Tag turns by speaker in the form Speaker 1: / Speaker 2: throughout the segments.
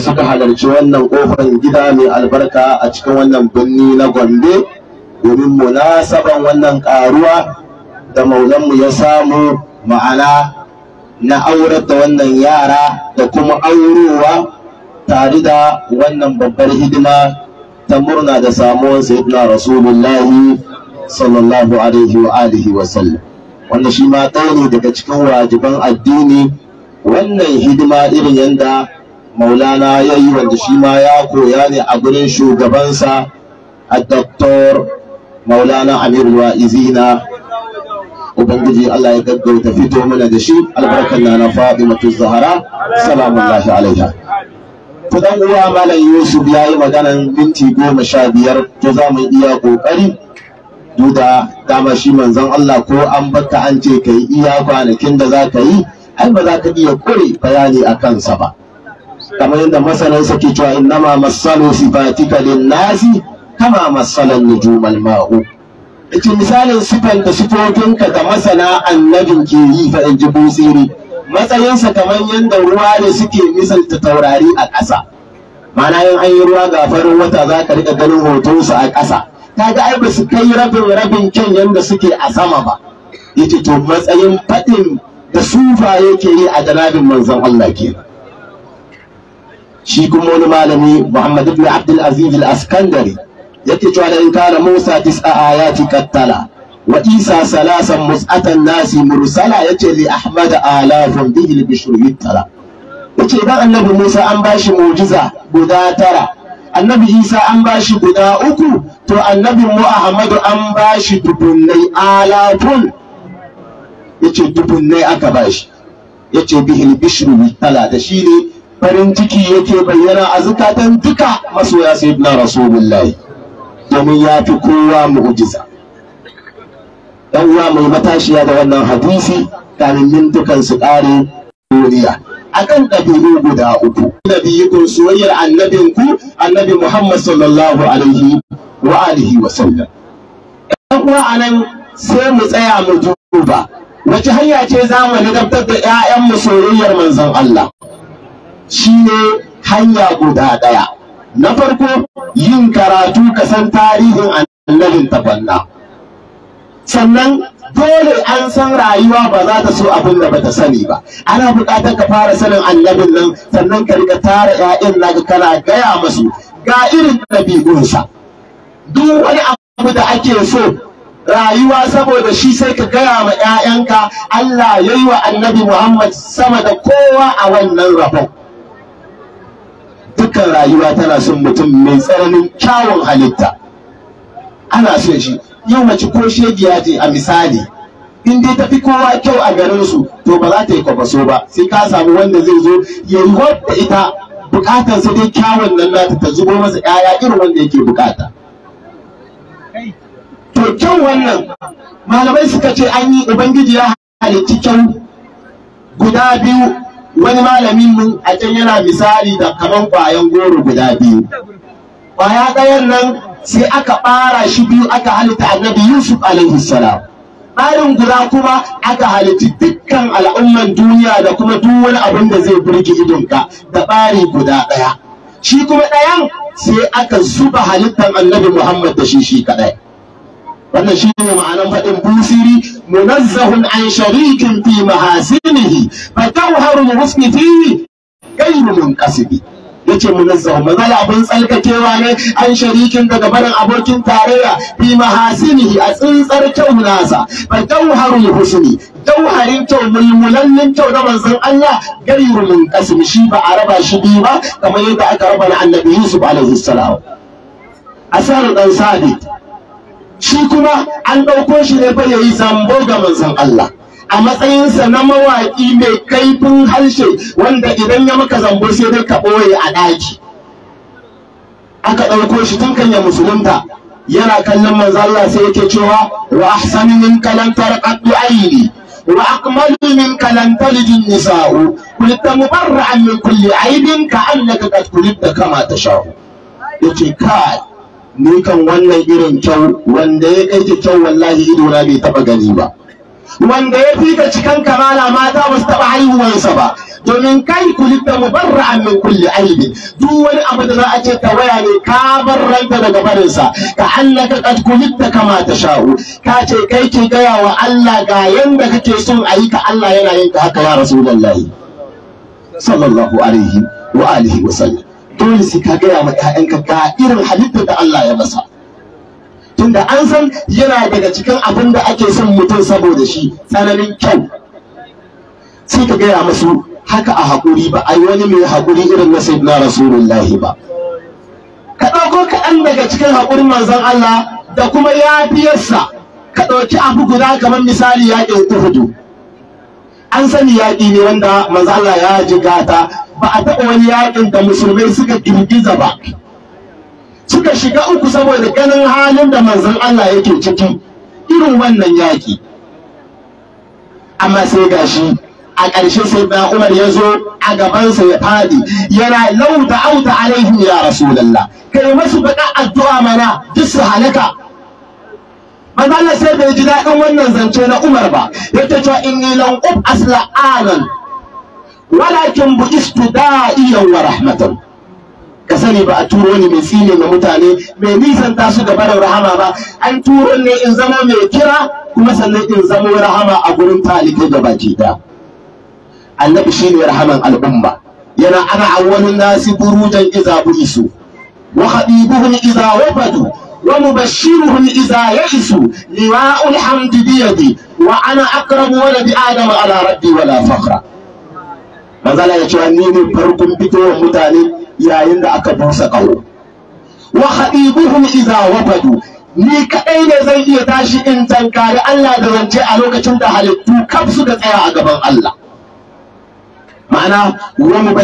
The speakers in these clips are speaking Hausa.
Speaker 1: suka halarci wannan kofar gida mai albarka a cikin wannan birni na gombe domin munasaban wannan karuwa da maulanmu ya samu ma'ana na aurar da wannan yara da kuma aurowa tare da wannan babbar hidima ta murna da samuwar sayyidina rasulullahi sallallahu alaihi wa alihi wa sallam wanda shi ma ɗaya ne daga cikin wajiban addini wannan hidima irin yadda maulana ya yi wanda shi ma ya koya ne a gurin shugabansa a doktor maulana amiru izina ubangiji Allah ya gaggauta fito mana da shi Albarkar na na fatimatu zahara salamun lahi alaiha to dan uwa malam yusuf ya yi maganan minti goma sha biyar to za mu iya kokari duda dama shi manzon Allah ko an baka an ce yi iya kwanakin da za ka yi ai ba za ka iya kure bayani a kansa ba kamar yadda masanan sa ke cewa innama masalu sifatika linnasi kama masalan nujumal ma'u ita misalin sifan da sifofinka da masana annabin ke yi fa in ji busiri matsayinsa kamar yadda ruwa da suke misalta taurari a ƙasa ma'ana yin an ruwa ga farin wata za ka riƙa ganin hotonsu a ƙasa kaga ai ba su kai rabin rabin kyan yadda suke a sama ba yace to matsayin faɗin da sufa yake yi a janabin manzon Allah kenan shi kuma wani malami Muhammad ibn Abdul Aziz al-Askandari yake cewa da in kana Musa tis'a ayati kattala wa Isa salasan mus'atan nasi mursala yace li Ahmad alafun bihi al-bishru yuttala yace ba, annabi Musa an bashi mu'jiza guda tara annabi Isa an bashi guda uku to annabi Muhammad Ahmadu an bashi dubunnai alafun yace dubunnai aka bashi yace bihi al-bishru yuttala da shi ne farin ciki yake bayyana a zukatan duka masoya sayyidina rasulullahi domin ya fi kowa mu'jiza dan uwa mai matashiya da wannan hadisi kamin mintukan su kare duniya akan ɗabi'u guda uku kun soyayyar annabinku annabi Muhammad sallallahu alaihi wa alihi wa sallam dan uwa anan sai mu tsaya mu duba wace hanya ce za mu ladabtar da 'ya'yan mu soyayyar manzon Allah shi ne hanya guda ɗaya na farko yin karatu ka san tarihin annabin tabanna sannan dole an san rayuwa ba za ta so abin da bata sani ba ana buƙatar ka fara sanin annabin nan sannan ka riga tara 'ya'yan naka kana gaya musu ga irin ɗabi'unsa duk wani abu da ake so rayuwa saboda shi sai ka gaya ma 'ya'yanka Allah ya yi wa annabi Muhammad sama da kowa a wannan rabon dukkan rayuwa tana son mutum mai tsananin kyawun halitta ana son shi yau mace ko shegiya ce a misali in dai tafi kowa kyau a garin su to ba za ta yi kwafaso ba sai ka samu wanda zai zo ya yi wadda ita bukatar sa dai kyawun nan nata ta zubo masa 'ya'ya irin wanda yake bukata to kyau wannan malamai suka ce an yi ubangiji ya halicci kyau guda biyu wani malamin mu a can yana misali da kaman kwayan goro guda biyu kwaya ɗayan nan sai aka ɓara shi biyu aka halitta annabi yusuf alaihi salam ɓarin guda kuma aka halitta dukkan al'umman duniya da kuma duk wani abin da zai burge idonka da ɓari guda ɗaya shi kuma ɗayan sai aka zuba halittar annabi muhammad da shi shi kaɗai wannan shi ne ma'anan faɗin busiri منزه عن شريك في محاسنه فتوهر الحسن فيه غير منقسم yace munazzahu mazal abun tsalkakewa ne an sharikin daga barin abokin tarayya fi mahasinihi a tsintsar kyau nasa fa tauharul husni dauharin kyau mulmulannin kyau na manzon Allah gairu munqasim shi ba a raba shi biyu ba kamar yadda aka raba na annabi Yusuf alaihi salam asar dan sabit shi kuma an ɗauko shi ne fa ya yi zambo ga manzon Allah a matsayinsa na mawaƙi mai kaifin harshe wanda idan ya maka zambo sai dai ka ɓoye a ɗaki aka ɗauko shi tun kan ya musulunta yana kallon manzo Allah sai yake cewa wa ahsanu min kalam tarqatu aini wa akmalu min kalam talid nisa'u kulta mubarra'an min kulli aibin ka annaka qad kulta kama tasha'u yace kai ni wannan irin kyau wanda ya kai ki kyau wallahi ido na bai taba gani ba wanda ya fika cikin cikan kamala mata ba su taba haihuwansa ba domin kai kulitta mubarra'an min kulli aibi duk wani abu da za a ce waya ne ka barranta daga barinsa ka annaka qad kulitta kama ta sha'u ka ce kai ki gaya wa Allah ga yanda kake son a yi ka Allah yana yin ka haka ya rasulullahi sallallahu alaihi wa alihi wa sallam dole sai ka gaya ma ƴaƴanka ga irin halittar da Allah ya masa tunda an san yana daga cikin abin da ake son mutum saboda shi tsananin kyau sai ka gaya masu haka a hakuri ba a yi wani mai hakuri irin na na rasulullahi ba ka ɗauko kaɗan daga cikin haƙurin manzon Allah da kuma yafiyarsa ka ɗauki abu guda kamar misali yaƙin uhudu an sani yaƙi ne wanda Mazala Allah ya jigata ba a taɓa wani yaƙin da musulmai suka girgiza ba suka shiga uku saboda ganin halin da manzon Allah yake ciki irin wannan yaƙi amma sai gashi a ƙarshe sai da Umar ya zo a gabansa ya faɗi yana lauta auta alaihim ya rasulullah kai masu baɗa addu'a mana duk su halaka manzo Allah sai bai ji daɗin wannan zance na Umar ba yake cewa inni lan qub asla anan walakin bu'istu da'iyan wa rahmatan ka sani ba a turo ni mai tsine na mutane mai nisan su da barin rahama ba an turo ne in zama mai kira kuma sannan in zama rahama a gurin talibai da baki da annabi shi ne rahaman al'umma yana ana awwalin nasi burujan iza isu, wa khadibuhum iza wafadu ومبشرهم إذا يئسوا لواء الحمد بيدي وأنا أكرم ولد آدم على ربي ولا فخرا mazala ya cewa ni ne farkon fitowar mutane yayin da aka busa ƙaho wa ni kadai ne zan iya tashi in tankari Allah da zance a lokacin da halittu kaf da tsaya a gaban Allah ma'ana wa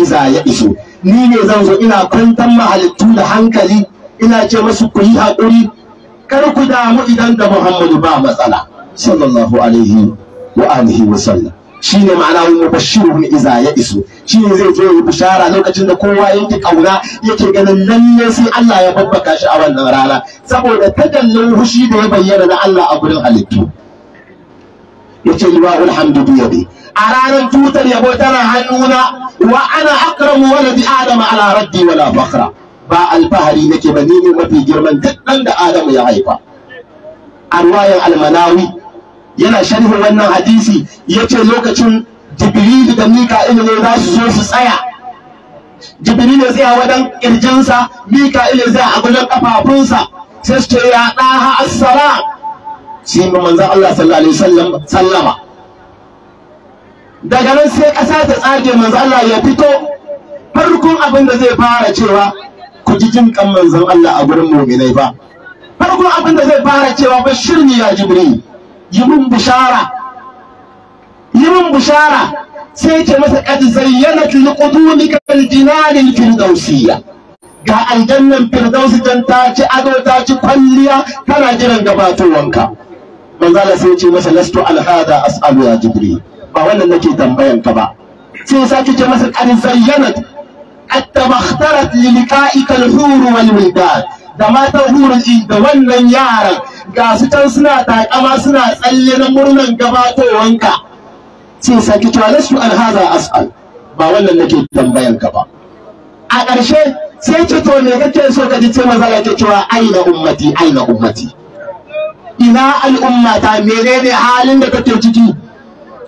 Speaker 1: iza ya isu ni ne zan zo ina kwantar mahalittu da hankali ina ce masu ku yi haƙuri kar ku damu idan da muhammadu ba matsala sallallahu alaihi wa alihi wa sallam shine ma'ana wani mubashirun iza ya iso ne zai zo yi bishara lokacin da kowa yake kauna yake ganin lalle sai Allah ya babbaka shi a wannan rana saboda tadallin hushi da ya bayyana na Allah a gurin halittu yace ni ba Alhamdu a ranar tutar yabo tana hannuna wa ana akramu waladi adama ala raddi wala bakra. ba alfahari nake ba ni ne mafi girman duk ɗan da Adamu ya haifa arwayan almanawi yana sharhi wannan hadisi yace lokacin jibrilu da mika'ilu ne za su zo su tsaya jibrilu zai a wajen ƙirjinsa, mika'ilu zai a gudan kafafunsa sai su ce ya ɗaha assara sai mu manzo Allah sallallahu alaihi sallama daga nan sai ƙasa ta tsage manzo Allah ya fito farkon abin da zai fara cewa ku kan manzon Allah a gurin mu'minai ba farko abin da zai fara cewa bashir shirni ya jibri yi mun bushara yi mun bushara sai ce masa qad zayyanat liqudumika aljinal alfirdausiya ga aljannan firdausi dan ta ci ado ta ci kwalliya tana jiran gabatowanka manzo Allah sai ce masa lastu alhada as'alu ya jibri ba wannan nake tambayan ba sai sake ce masa qad zayyanat hatta makhtarat li liqa'ika al-hur wal wildan da matan hurun da wannan yaran ga su can suna takama suna tsalle na murnan gabatowanka sai saki to alastu an haza as'al ba wannan nake tambayan ka ba a ƙarshe sai ce to me kake so ka ji ce maza yake cewa aina ummati aina ummati ina al'ummata menene halin da kake ciki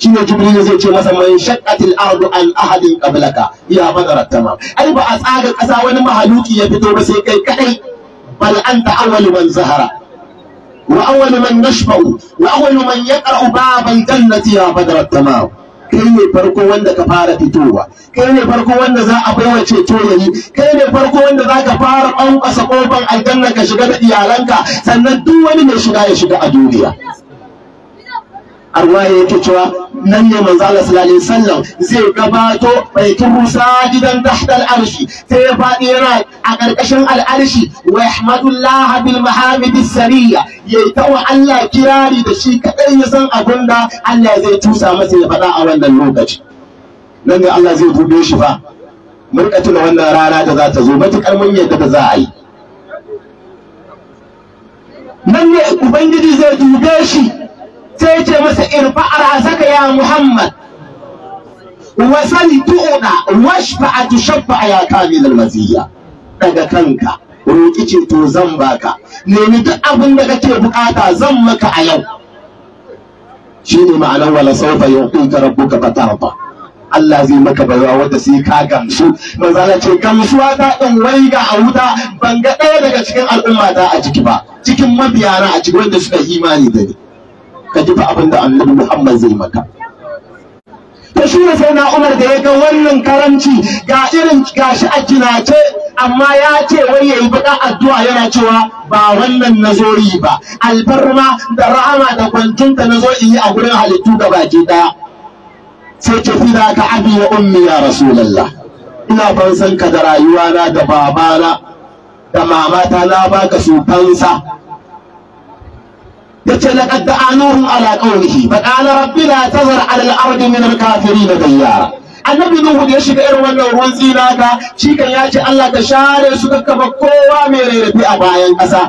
Speaker 1: shine jibril zai ce masa mai shaqqatil ardu an ahadin qablaka ya badara tamam ai ba a tsaga kasa wani mahaluki ya fito ba sai kai kadai bal anta awwalu man zahara wa awwalu man nashba'u wa awwalu man yaqra'u babal jannati ya badara tamam kai ne farko wanda ka fara fitowa kai ne farko wanda za a baiwa ceto yayi kai ne farko wanda za ka fara ƙwanƙwasa ƙofar aljanna ka shiga da iyalanka sannan duk wani mai shiga ya shiga a duniya arwaye yake cewa nan ne manzo Allah sallallahu alaihi wasallam zai gabato turu sajidan tahta al-arshi sai ya faɗi yana a karkashin al-arshi wa yahmadullah bil as sariya yayi ta wa Allah kirari da shi kadai ya san abin da Allah zai tusa masa ya faɗa a wannan lokaci nan ne Allah zai bude shi fa mun wannan rana da za ta zo matukar mun yadda da za a yi nan ne ubangiji zai dube shi sai ce masa irfa arzaka ya muhammad wa sani tu'una washfa a a ya da maziya daga kanka roƙi ce to zan baka nemi duk abin da kake bukata zan maka a yau Shi ne ma'anar wala sawfa ka fatar ba Allah zai maka baiwa wanda sai ka gamsu manzala ce gamsuwa ta in waiga a wuta ban ga ɗaya daga cikin al'umma ta a ciki ba cikin mabiyana a cikin wanda suka imani da ni ka ji fa abin da annabi Muhammad zai maka to shi ne sai na Umar da ya ga wannan karanci ga irin gashi a kinace amma ya ce wai yayi bada addu'a yana cewa ba wannan nazori ba alfarma da rahama da kwantunta nazo in yi a gurin halittu da baki daya sai ce fi da ka abi ya ummi ya rasulullah ina fansan ka da rayuwana da babana da mamata na baka sufansa. yace laqad da'anahum على قوله فقال رب rabbi تزر tazar الأرض من الكافرين ديارا al annabi nuhu da ya shiga irin wannan ruwan tsira ka shi kan ya ce Allah ka share su ka kafa kowa mai rarrafe a bayan ƙasa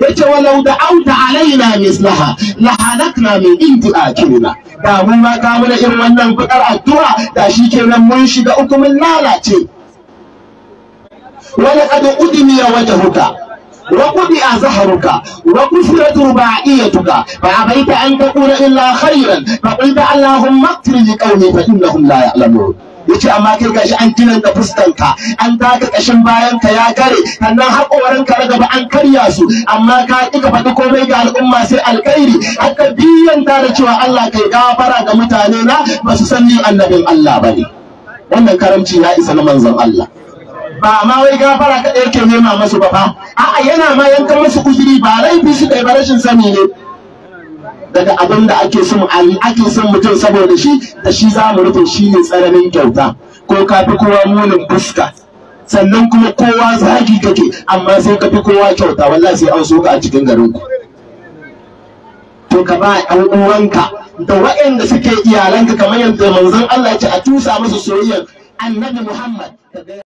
Speaker 1: yace walau da auta alaina mislaha la halakna min inti akiluna da mun ma ka mana irin wannan fadar addu'a da shi ke nan mun shiga uku mun lalace wala qad udmiya wajhuka وقضي أزهرك وكسرت رباعيتك فأبيت أن تقول إلا خيرا فقلت اللهم اغفر لقومي فإنهم لا يعلمون yace amma kai gashi an kinan da fuskanka an daga kashin bayan ka ya gare sannan haƙoran ka gaba an karya su amma ka kika faɗi komai ga al'umma sai alkhairi haka ta da cewa Allah kai gafara ga mutane na ba su san ni annabin Allah bane wannan karamci ya isa na manzon Allah ba ma wai gafara kaɗai yake nema masu ba a'a yana ma yanka masu uzuri ba laifi su kai ba rashin sani ne daga abin da ake son ake son mutum saboda shi da shi za mu rufe shi ne tsananin kyauta ko ka fi kowa munin fuska sannan kuma kowa zagi kake amma sai ka fi kowa kyauta wallahi sai an soka a cikin garin ku to ka ba ɗan uwanka da waɗanda suke iyalanka kamar yadda manzon Allah ya ce a tusa musu soyayya annabi Muhammad